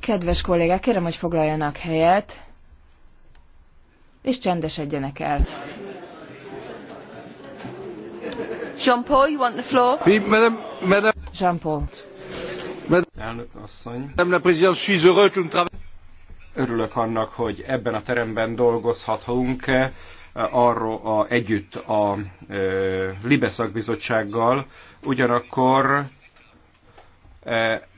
Kedves kollégák, kérem, hogy foglaljanak helyet, és csendesedjenek el. Jean-Paul, you want the floor? Oui, madame, madame. Jean-Paul. Elnök asszony. Madame la présidente, je suis heureux, Örülök annak, hogy ebben a teremben dolgozhatunk eh, arról a, együtt a eh, e, bizottsággal, ugyanakkor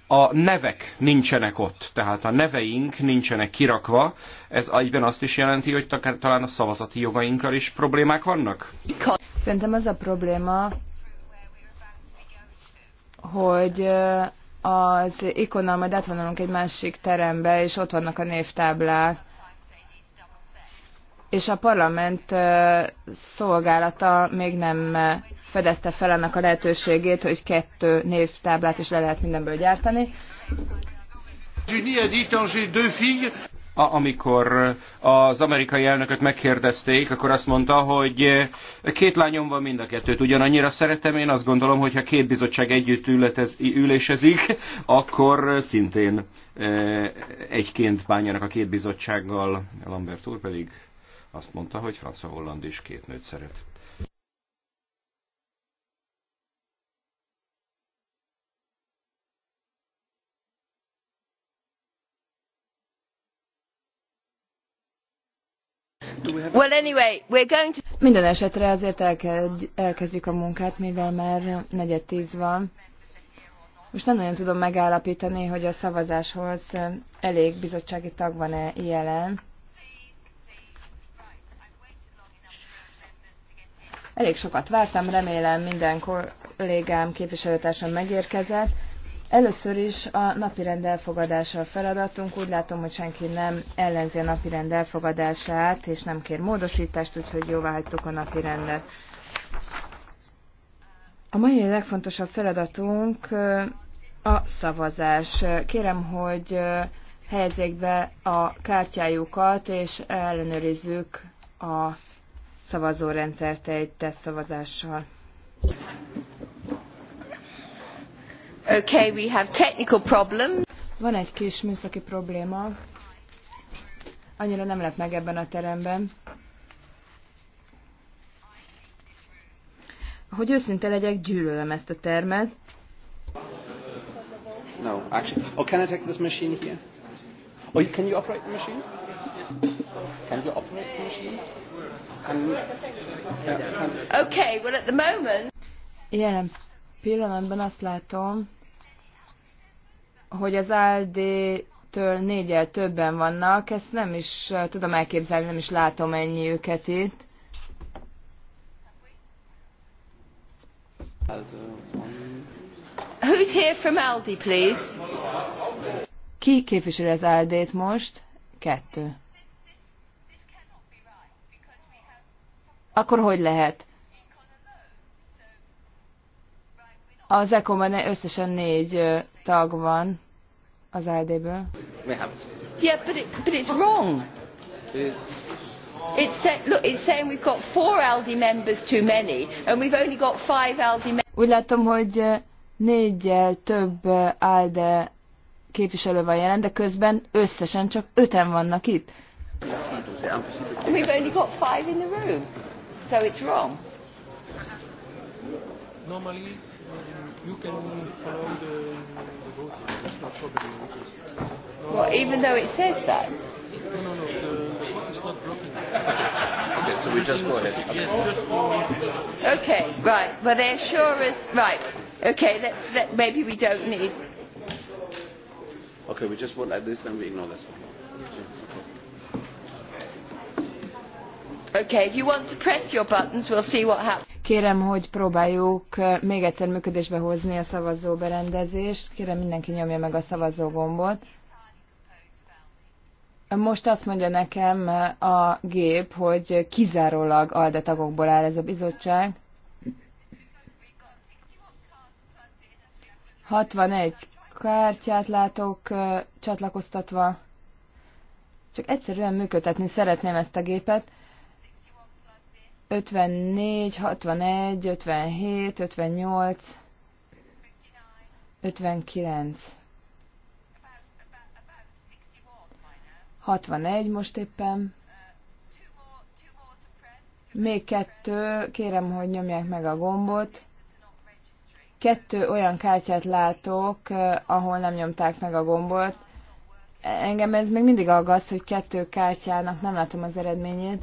a nevek nincsenek ott, tehát a neveink nincsenek kirakva, ez egyben azt is jelenti, hogy talán a szavazati jogainkkal is problémák vannak? Szerintem az a probléma, hogy az ikona majd átvonulunk egy másik terembe, és ott vannak a névtáblák, és a parlament szolgálata még nem fedezte fel annak a lehetőségét, hogy kettő névtáblát is le lehet mindenből gyártani. A, amikor az amerikai elnököt megkérdezték, akkor azt mondta, hogy két lányom van mind a kettőt. Ugyanannyira szeretem, én azt gondolom, hogy ha két bizottság együtt ületez, ülésezik, akkor szintén egyként bánjanak a két bizottsággal. Lambert úr pedig azt mondta, hogy Francia Holland is két nőt szeret. Well, anyway, we're going to... Minden esetre azért elkezdjük a munkát, mivel már negyed tíz van. Most nem nagyon tudom megállapítani, hogy a szavazáshoz elég bizottsági tag van-e jelen. Elég sokat vártam, remélem minden kollégám, képviselőtársam megérkezett. Először is a napirend elfogadása a feladatunk. Úgy látom, hogy senki nem ellenzi a napirend elfogadását, és nem kér módosítást, úgyhogy jóvá hagytuk a napirendet. A mai legfontosabb feladatunk a szavazás. Kérem, hogy helyezzék be a kártyájukat, és ellenőrizzük a szavazórendszert egy tesztszavazással. Okay, we have technical problem. Van egy kis műszaki probléma. Annyira nem lett meg ebben a teremben. Hogy őszinte legyek, gyűlölöm ezt a termet. No, actually. Oh, can I take this machine here? Oh, can you operate the machine? Yes, yes. Can you operate, machine? Can you, can, okay, well at the moment... Yeah. pillanatban azt látom, hogy az ALD-től négyel többen vannak, ezt nem is tudom elképzelni, nem is látom ennyi őket itt. Who's here from Aldi, please? Ki képviseli az Aldi-t most? Kettő. akkor hogy lehet? Az ECO-ban összesen négy tag van az LD-ből. Yeah, but, it, but it's wrong. It's... It's, say, look, it's saying we've got four ALDE members too many, and we've only got five ALDE members. Úgy látom, hogy négyel több ALDE képviselő van jelen, de közben összesen csak öten vannak itt. We've only got five in the room so it's wrong. Normally, um, you can follow the, the voting. That's not problem. No, well, even though it says that. No, no, no. The, vote is not broken. Okay. so we just go ahead. Okay. right. Well, they assure us. Right. Okay, let's, let, maybe we don't need. Okay, we just vote like this and we ignore this one. Okay, if you want to press your buttons, we'll see what happens. Kérem, hogy próbáljuk eh, még egyszer működésbe hozni a szavazóberendezést. Kérem, mindenki nyomja meg a szavazógombot. Most azt mondja nekem eh, a gép, hogy kizárólag ALDE tagokból áll ez a bizottság. 61 kártyát látok eh, csatlakoztatva. Csak egyszerűen működtetni szeretném ezt a gépet. 54, 61, 57, 58, 59. 61 most éppen. Még kettő, kérem, hogy nyomják meg a gombot. Kettő olyan kártyát látok, eh, ahol nem nyomták meg a gombot. Engem ez még mindig aggaszt, hogy kettő kártyának nem látom az eredményét.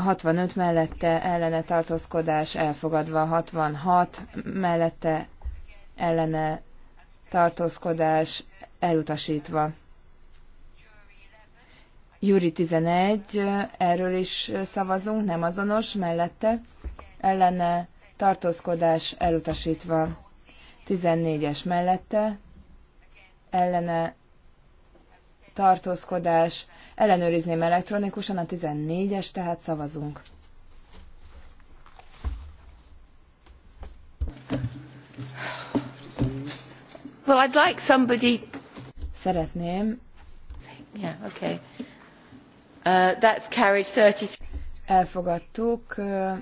65 mellette ellene tartózkodás elfogadva, 66 mellette ellene tartózkodás elutasítva. Júri 11, erről is szavazunk, nem azonos, mellette ellene tartózkodás elutasítva. 14-es mellette ellene tartózkodás Ellenőrizném elektronikusan a 14-es, tehát szavazunk. Well, I'd like somebody... Szeretném. Yeah, okay. Uh, that's carried 30... Elfogadtuk uh,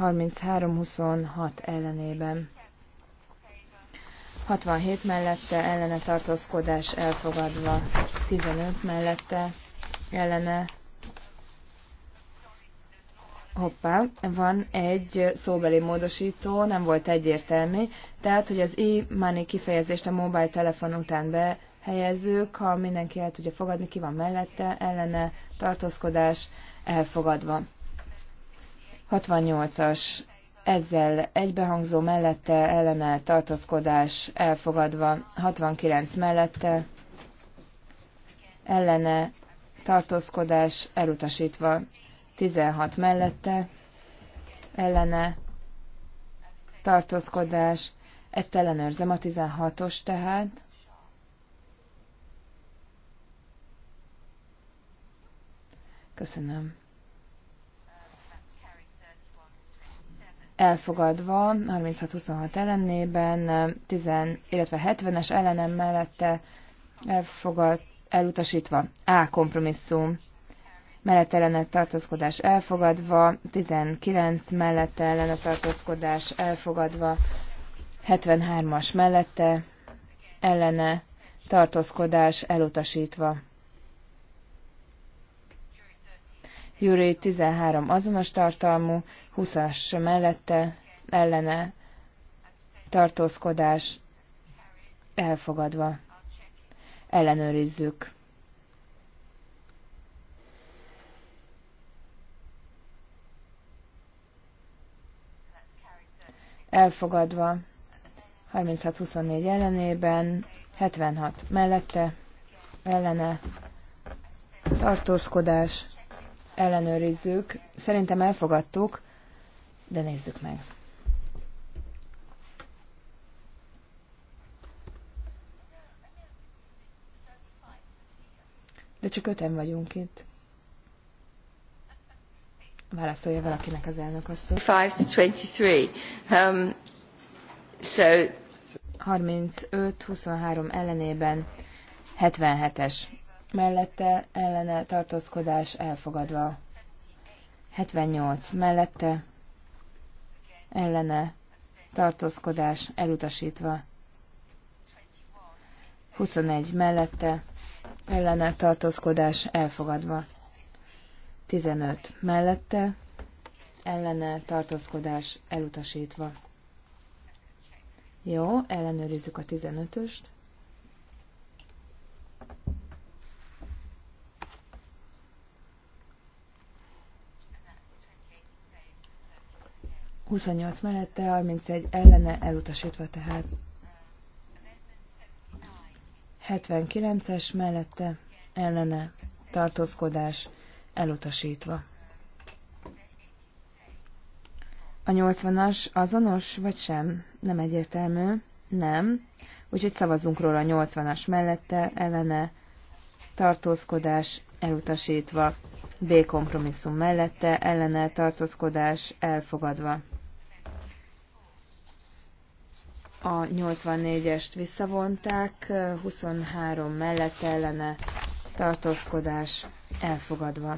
33-26 ellenében. 67 mellette ellene tartózkodás elfogadva. 15 mellette ellene Hoppá, van egy szóbeli módosító, nem volt egyértelmű, tehát, hogy az e-money kifejezést a mobiltelefon után be ha mindenki el tudja fogadni, ki van mellette, ellene, tartózkodás, elfogadva. 68-as, ezzel egybehangzó mellette, ellene, tartózkodás, elfogadva, 69 mellette, ellene tartózkodás elutasítva 16 mellette, ellene tartózkodás, ezt ellenőrzem a 16-os tehát. Köszönöm. Elfogadva 36-26 ellenében, 10, illetve 70-es ellenem mellette elfogadt elutasítva. A. Kompromisszum mellette ellene tartózkodás elfogadva, 19 mellette ellene tartózkodás elfogadva, 73-as mellette ellene tartózkodás elutasítva. Júri 13 azonos tartalmú, 20-as mellette ellene tartózkodás elfogadva ellenőrizzük. Elfogadva. 36-24 ellenében, 76 mellette, ellene, tartózkodás, ellenőrizzük. Szerintem elfogadtuk, de nézzük meg. De csak öten vagyunk itt. Válaszolja valakinek az elnök azt. 5-23. Um, so... 35-23 ellenében 77-es. Mellette ellene tartózkodás elfogadva. 78. Mellette ellene tartózkodás elutasítva. 21. Mellette ellene tartózkodás elfogadva. 15 mellette ellene tartózkodás elutasítva. Jó, ellenőrizzük a 15-öst. Huszonnyolc mellette, 31 ellene elutasítva tehát. 79-es mellette ellene tartózkodás elutasítva. A 80-as azonos vagy sem? Nem egyértelmű. Nem. Úgyhogy szavazunk róla a 80-as mellette ellene tartózkodás elutasítva. B kompromisszum mellette ellene tartózkodás elfogadva. a 84-est visszavonták, 23 mellett ellene tartózkodás elfogadva.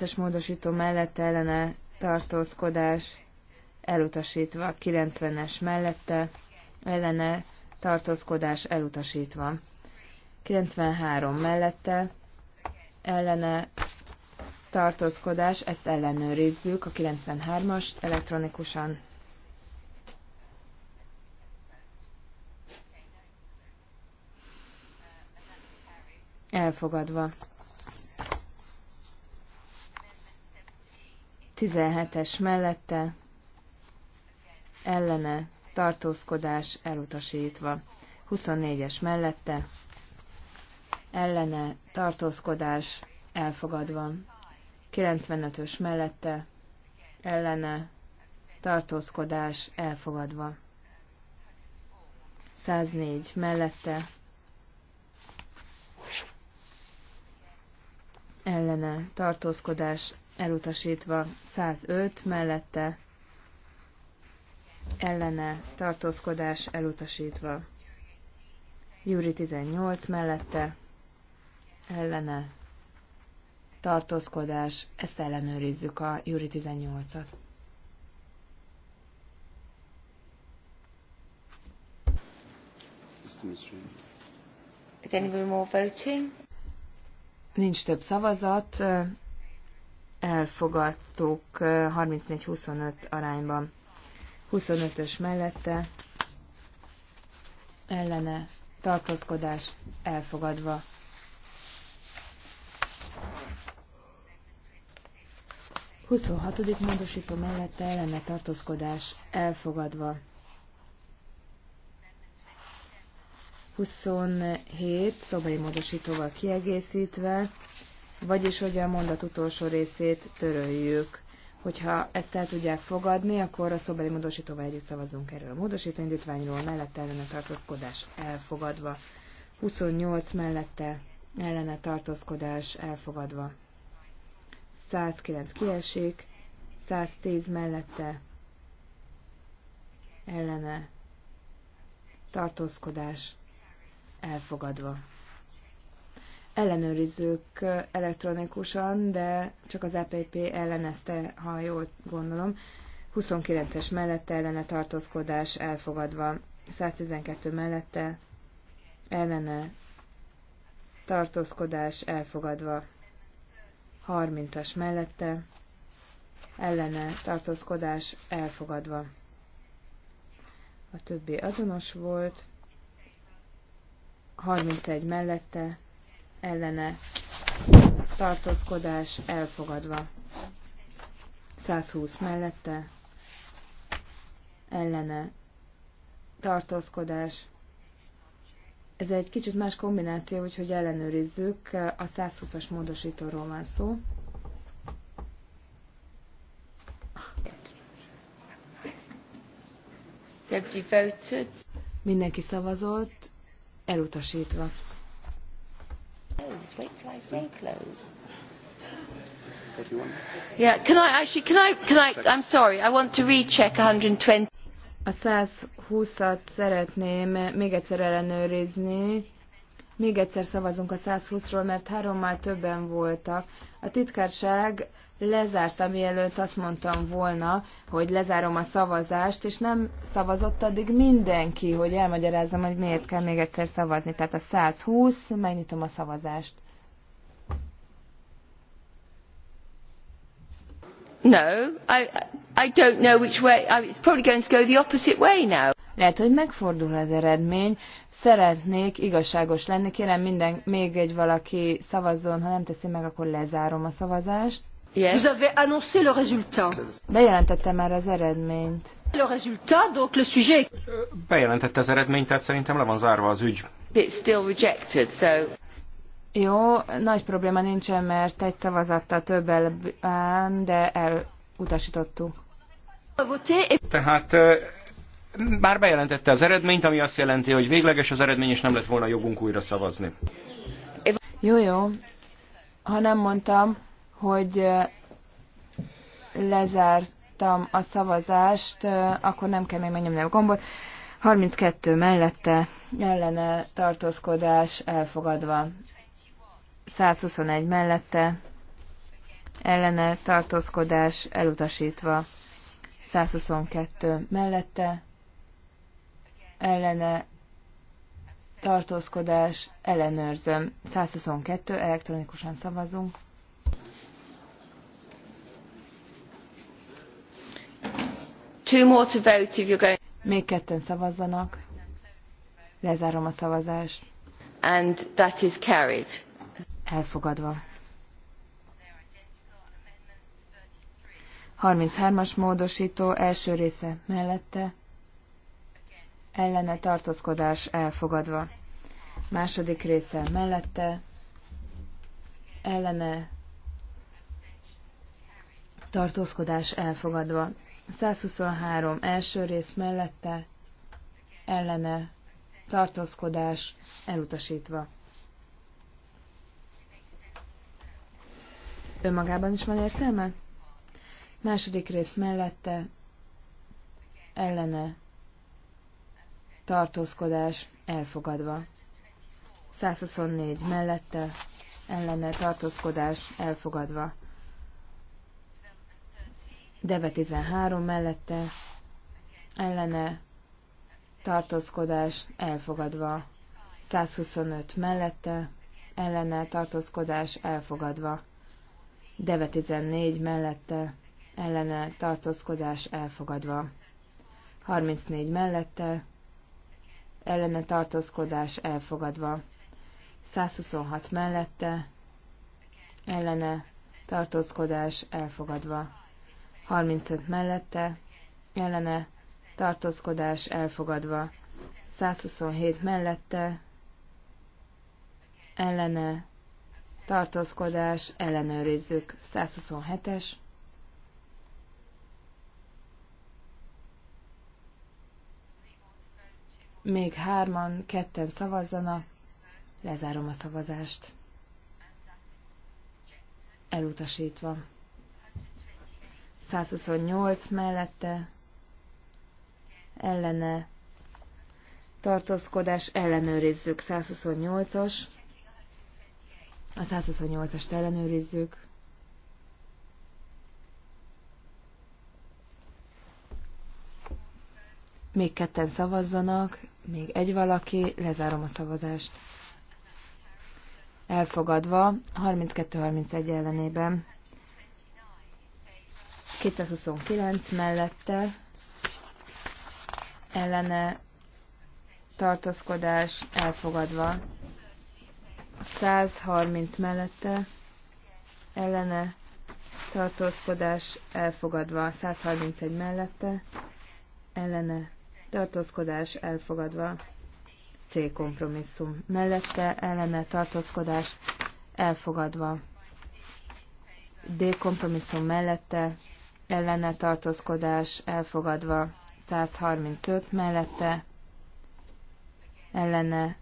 es módosító mellett ellene tartózkodás elutasítva, 90-es mellette ellene tartózkodás elutasítva. 93 mellette ellene tartózkodás, ezt ellenőrizzük, a 93-ast elektronikusan. Elfogadva. 17-es mellette ellene tartózkodás elutasítva. 24-es mellette ellene tartózkodás elfogadva. 95-ös mellette ellene tartózkodás elfogadva. 104 mellette ellene tartózkodás elutasítva 105 mellette ellene tartózkodás elutasítva. Júri 18 mellette ellene tartózkodás, ezt ellenőrizzük a Júri 18-at. Nincs több szavazat, elfogadtuk 34-25 arányban. 25-ös mellette ellene tartózkodás elfogadva. 26. módosító mellette ellene tartózkodás elfogadva. 27 szobai módosítóval kiegészítve, vagyis hogy a mondat utolsó részét töröljük. Hogyha ezt el tudják fogadni, akkor a szobeli módosítóval együtt szavazunk erről a módosító indítványról, mellette ellene tartózkodás elfogadva. 28 mellette ellene tartózkodás elfogadva. 109 kiesik, 110 mellette ellene tartózkodás elfogadva. Ellenőrizzük elektronikusan, de csak az EPP ellenezte, ha jól gondolom. 29-es mellette ellene tartózkodás elfogadva, 112 mellette ellene tartózkodás elfogadva, 30-as mellette, ellene tartózkodás elfogadva. A többi azonos volt, 31 mellette, ellene tartózkodás elfogadva. 120 mellette, ellene tartózkodás ez egy kicsit más kombináció, úgyhogy ellenőrizzük. A 120-as módosítóról van szó. Mindenki szavazott, elutasítva. Oh, yeah, can I actually can I can I I'm sorry, I want to recheck 120. A 120 120-at szeretném még egyszer ellenőrizni. Még egyszer szavazunk a 120-ról, mert hárommal többen voltak. A titkárság lezárta, mielőtt azt mondtam volna, hogy lezárom a szavazást, és nem szavazott addig mindenki, hogy elmagyarázzam, hogy miért kell még egyszer szavazni. Tehát a 120, megnyitom a szavazást. No, I, I don't know which way. It's probably going to go the opposite way now. Lehet, hogy megfordul az eredmény. Szeretnék igazságos lenni. Kérem, minden, még egy valaki szavazzon. Ha nem teszi meg, akkor lezárom a szavazást. Yes. Vous avez annoncé le résultat. Bejelentette már az eredményt. Le résultat, donc le sujet. Bejelentette az eredményt, tehát szerintem le van zárva az ügy. It's still rejected, so... Jó, nagy probléma nincsen, mert egy szavazattal több el, de elutasítottuk. Tehát már bejelentette az eredményt, ami azt jelenti, hogy végleges az eredmény, és nem lett volna jogunk újra szavazni. Jó, jó. Ha nem mondtam, hogy lezártam a szavazást, akkor nem kell még megnyomni a gombot. 32 mellette ellene tartózkodás elfogadva. 121 mellette ellene tartózkodás elutasítva. 122 mellette, ellene tartózkodás, ellenőrzöm. 122, elektronikusan szavazunk. Még ketten szavazzanak. Lezárom a szavazást. And that is carried. Elfogadva. 33-as módosító első része mellette ellene tartózkodás elfogadva. Második része mellette ellene tartózkodás elfogadva. 123 első rész mellette ellene tartózkodás elutasítva. Önmagában is van értelme? Második rész mellette ellene tartózkodás elfogadva. 124 mellette ellene tartózkodás elfogadva. Deve 13 mellette ellene tartózkodás elfogadva. 125 mellette ellene tartózkodás elfogadva. Deve 14 mellette ellene tartózkodás elfogadva. 34 mellette ellene tartózkodás elfogadva. 126 mellette ellene tartózkodás elfogadva. 35 mellette ellene tartózkodás elfogadva. 127 mellette ellene tartózkodás ellenőrizzük. 127-es még hárman, ketten szavazzanak, lezárom a szavazást. Elutasítva. 128 mellette, ellene, tartózkodás, ellenőrizzük. 128-as, a 128-ast ellenőrizzük. Még ketten szavazzanak, még egy valaki, lezárom a szavazást. Elfogadva, 32-31 ellenében, 229 mellette, ellene tartózkodás elfogadva, 130 mellette, ellene tartózkodás elfogadva, 131 mellette, ellene tartózkodás elfogadva. C kompromisszum. Mellette ellene tartózkodás elfogadva. D kompromisszum mellette ellene tartózkodás elfogadva. 135 mellette ellene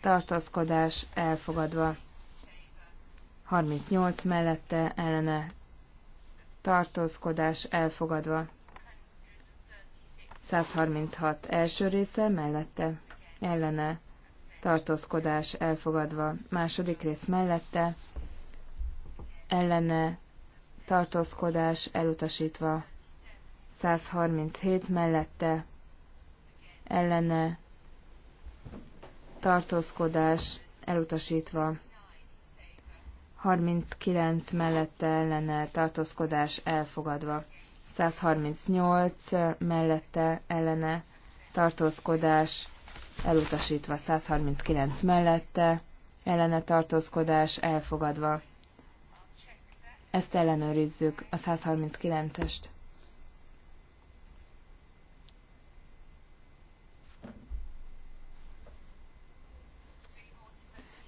tartózkodás elfogadva. 38 mellette ellene tartózkodás elfogadva. 136 első része mellette ellene tartózkodás elfogadva. Második rész mellette ellene tartózkodás elutasítva. 137 mellette ellene tartózkodás elutasítva. 39 mellette ellene tartózkodás elfogadva. 138 mellette ellene tartózkodás elutasítva, 139 mellette ellene tartózkodás elfogadva. Ezt ellenőrizzük, a 139-est.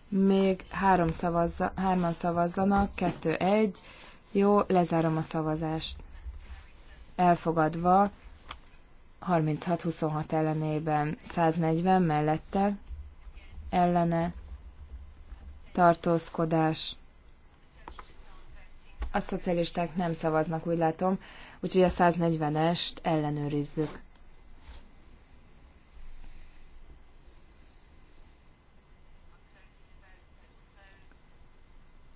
Még három szavazza, hárman szavazzanak, kettő, egy. Jó, lezárom a szavazást elfogadva 36-26 ellenében 140 mellette ellene tartózkodás. A szocialisták nem szavaznak, úgy látom, úgyhogy a 140-est ellenőrizzük.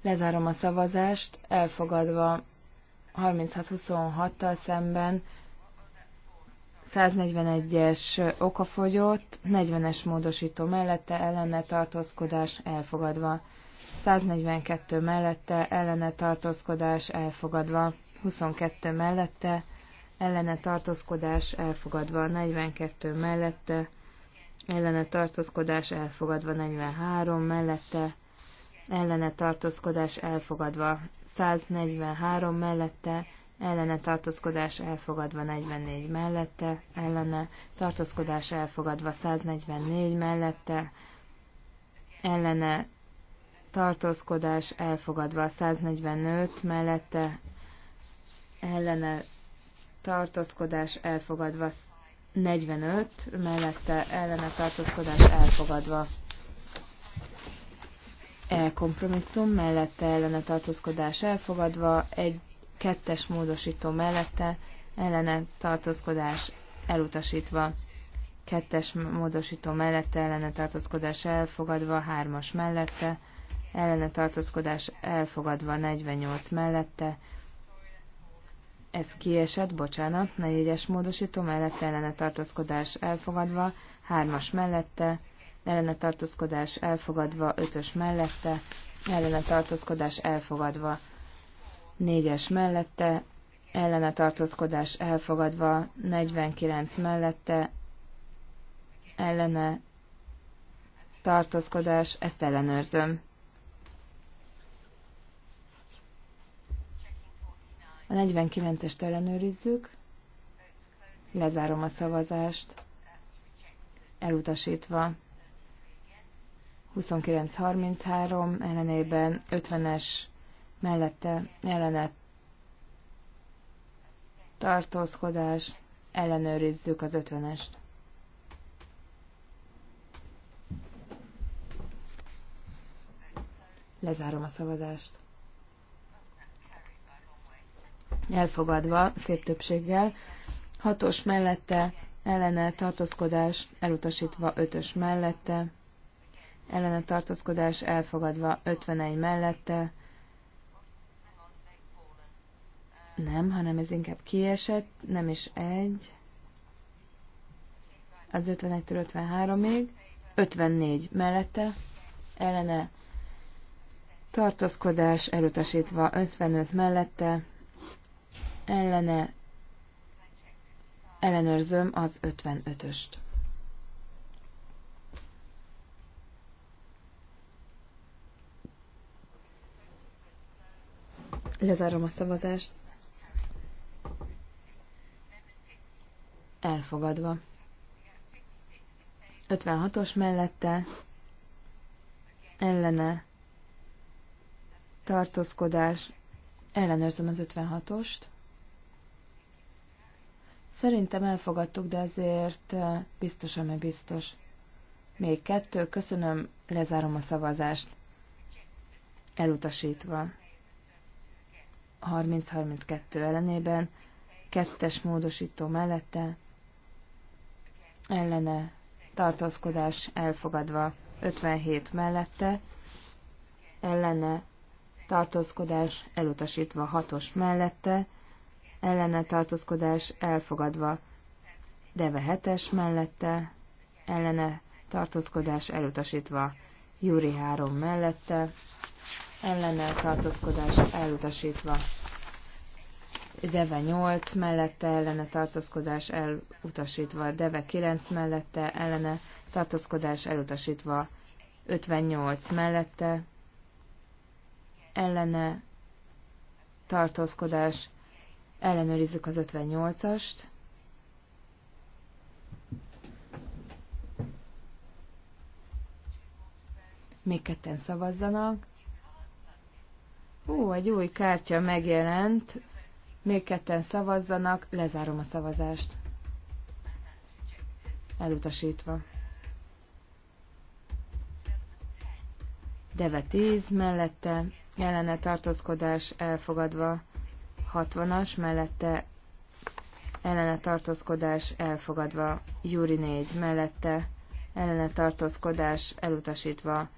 Lezárom a szavazást, elfogadva 36-26-tal szemben 141-es okafogyott, 40-es módosító mellette ellene tartózkodás elfogadva. 142 mellette ellene tartózkodás elfogadva. 22 mellette ellene tartózkodás elfogadva. 42 mellette ellene tartózkodás elfogadva. 43 mellette ellene tartózkodás elfogadva. 143 mellette, ellene tartózkodás elfogadva 44 mellette, ellene tartózkodás elfogadva 144 mellette, ellene tartózkodás elfogadva 145 mellette, ellene tartózkodás elfogadva 45 mellette, ellene tartózkodás elfogadva E kompromisszum mellette ellene tartózkodás elfogadva, egy kettes módosító mellette ellene tartózkodás elutasítva, kettes módosító mellette ellene tartózkodás elfogadva, hármas mellette ellene tartózkodás elfogadva, 48 mellette, ez kiesett, bocsánat, 4-es módosító mellette ellene tartózkodás elfogadva, 3-as mellette ellene tartózkodás elfogadva, 5-ös mellette, ellene tartózkodás elfogadva, 4-es mellette, ellene tartózkodás elfogadva, 49 mellette, ellene tartózkodás, ezt ellenőrzöm. A 49-est ellenőrizzük, lezárom a szavazást, elutasítva. 29-33 ellenében 50-es mellette ellene tartózkodás, ellenőrizzük az 50-est. Lezárom a szavazást. Elfogadva, szép többséggel. Hatos mellette, ellene tartózkodás, elutasítva ötös mellette, ellene tartózkodás elfogadva 51 mellette. Nem, hanem ez inkább kiesett, nem is egy. Az 51-től 53-ig. 54 mellette ellene tartózkodás elutasítva 55 mellette ellene ellenőrzöm az 55-öst. Lezárom a szavazást. Elfogadva. 56-os mellette ellene tartózkodás. Ellenőrzöm az 56-ost. Szerintem elfogadtuk, de azért biztos, ami biztos. Még kettő, köszönöm, lezárom a szavazást. Elutasítva. 30-32 ellenében, kettes módosító mellette, ellene tartózkodás elfogadva 57 mellette, ellene tartózkodás elutasítva 6-os mellette, ellene tartózkodás elfogadva Deve 7-es mellette, ellene tartózkodás elutasítva Júri 3 mellette, ellene tartózkodás elutasítva. Deve 8 mellette ellene tartózkodás elutasítva, Deve 9 mellette ellene tartózkodás elutasítva, 58 mellette ellene tartózkodás, ellenőrizzük az 58-ast. Még ketten szavazzanak. Ó, egy új kártya megjelent. Még ketten szavazzanak, lezárom a szavazást. Elutasítva. Deve 10 mellette, ellene tartózkodás elfogadva. 60-as mellette, ellene tartózkodás elfogadva. Júri 4 mellette, ellene tartózkodás elutasítva.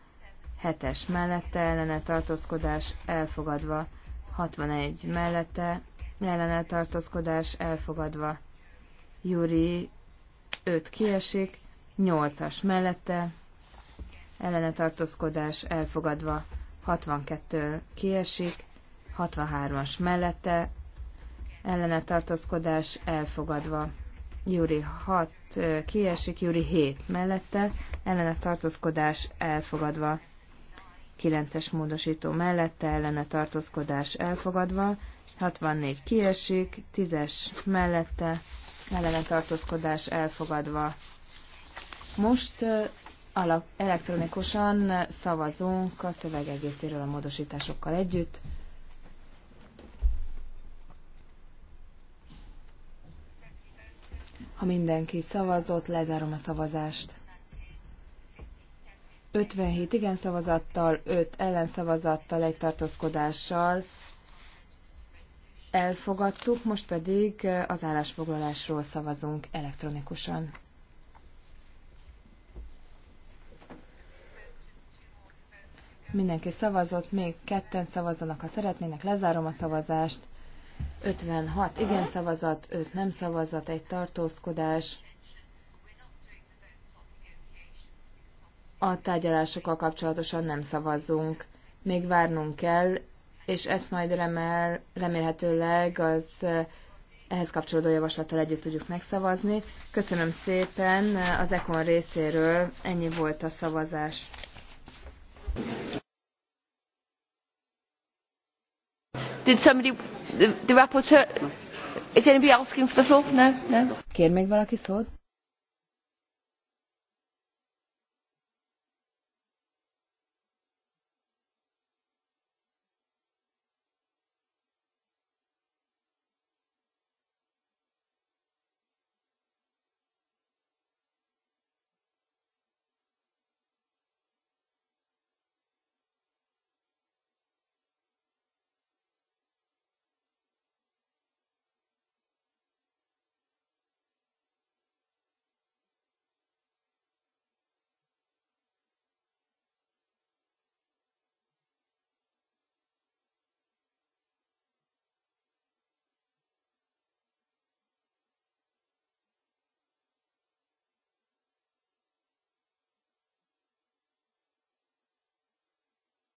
7-es mellette ellene tartózkodás elfogadva, 61 mellette ellene tartózkodás elfogadva. Júri 5 kiesik, 8-as mellette ellene tartózkodás elfogadva, 62 kiesik, 63-as mellette ellene tartózkodás elfogadva. Júri 6 kiesik, Júri 7 mellette ellene tartózkodás elfogadva. 9-es módosító mellette ellene tartózkodás elfogadva, 64 kiesik, 10-es mellette ellene tartózkodás elfogadva. Most alap, elektronikusan szavazunk a szöveg egészéről a módosításokkal együtt. Ha mindenki szavazott, lezárom a szavazást. 57 igen szavazattal, 5 ellenszavazattal, egy tartózkodással elfogadtuk, most pedig az állásfoglalásról szavazunk elektronikusan. Mindenki szavazott, még ketten szavazanak, ha szeretnének, lezárom a szavazást. 56 igen szavazat, 5 nem szavazat, egy tartózkodás a tárgyalásokkal kapcsolatosan nem szavazzunk. Még várnunk kell, és ezt majd remel, remélhetőleg az eh, ehhez kapcsolódó javaslattal együtt tudjuk megszavazni. Köszönöm szépen eh, az ECON részéről, ennyi volt a szavazás. Did somebody, the, the rapporteur, is anybody asking for the floor? No, no. Kér még valaki szót?